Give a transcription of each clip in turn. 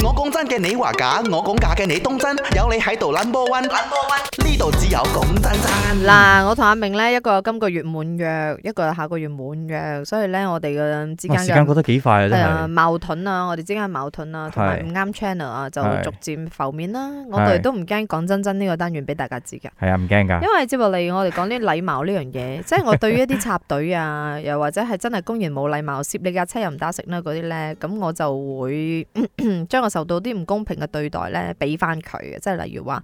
我講真嘅，你話假；我講假嘅，你當真。有你喺度，number one，呢度 number one。嗱，嗯、我同阿明咧，一個今個月滿約，一個下個月滿約，所以咧我哋嘅之間嘅時間覺得幾快、啊啊、矛盾啊，我哋之間矛盾啊，同埋唔是啱 channel 啊，就逐漸浮面啦、啊。是我哋都唔驚講真真呢個單元俾大家知㗎。係啊，唔驚㗎。因為接落嚟我哋講啲禮貌呢樣嘢， 即係我對於一啲插隊啊，又或者係真係公然冇禮貌攝你架車又唔打食啦嗰啲咧，咁我就會咳咳將我受到啲唔公平嘅對待咧，俾翻佢嘅，即係例如話。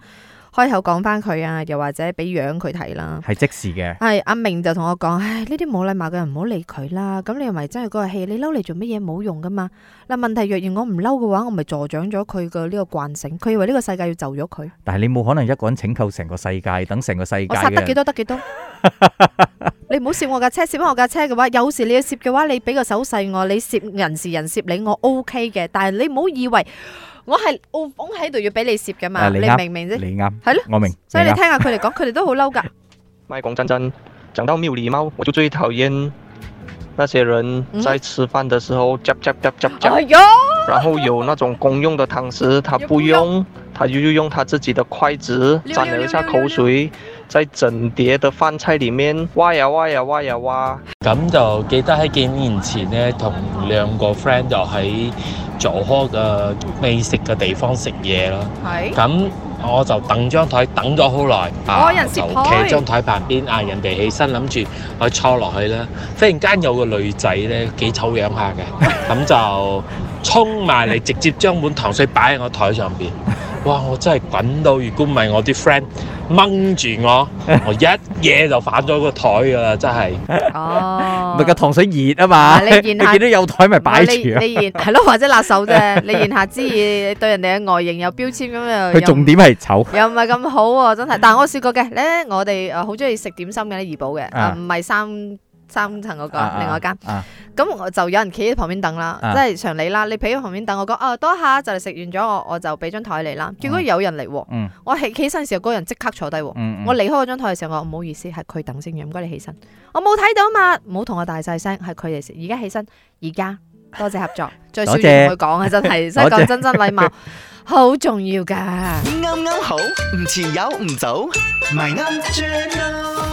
開口講翻佢啊，又或者俾樣佢睇啦，係即時嘅。係阿、哎、明就同我講，唉，呢啲冇禮貌嘅人唔好理佢啦。咁你係咪真係嗰個氣？你嬲嚟做乜嘢？冇用噶嘛。嗱，問題若然我唔嬲嘅話，我咪助長咗佢嘅呢個慣性。佢以為呢個世界要就咗佢。但係你冇可能一個人拯救成個世界，等成個世界。我殺得幾多得幾多。 你唔好攝我架車，攝翻我架車嘅話，有時你要攝嘅話，你俾個手勢我，你攝人是人攝你我 OK 嘅，但係你唔好以為我係我綁喺度要俾你攝噶嘛，你明唔明啫？你啱，係咯，我明。所以你聽下佢哋講，佢哋都好嬲噶。咪講真真，講到沒有禮貌，我就最討厭那些人在吃飯的時候，夾夾夾夾夾，然後有那種公用的湯匙，他不用。要要用他自己的筷子沾了一下口水，在整碟的飯菜裏面挖呀挖呀挖呀挖。咁就記得喺幾年前呢，同兩個 friend 就喺左開嘅美食嘅地方食嘢咯。係是。咁我就等張台等咗好耐，哦人啊、就企張台旁邊嗌、啊、人哋起身諗住去坐落去啦。忽然間有個女仔呢，幾醜樣下嘅，咁 就衝埋嚟直接將碗糖水擺喺我台上邊。哇！我真係滾到，如果唔係我啲 friend 掹住我，我一嘢就反咗個台噶啦，真係。哦，唔係個 糖水熱啊嘛！你見 到有台咪擺住。你你言係咯，或者辣手啫。你言下之意， 對人哋嘅外形有標籤咁樣。佢重點係醜。又唔係咁好喎，啊，真係。但我試過嘅咧，我哋誒好中意食點心嘅咧，怡寶嘅唔係三。三層嗰個，另外間咁我就有人企喺旁邊等啦，即係常理啦。你企喺旁邊等我講，啊多下就嚟食完咗，我我就俾張台你啦。結果有人嚟，我起起身時候，嗰個人即刻坐低。我離開嗰張台嘅時候，我唔好意思，係佢等先嘅，唔該你起身。我冇睇到嘛，唔好同我大細聲，係佢哋而家起身，而家多謝合作，最少要同佢講啊，真係識講真真禮貌，好重要㗎。啱啱好，唔遲有，唔早，咪啱啱。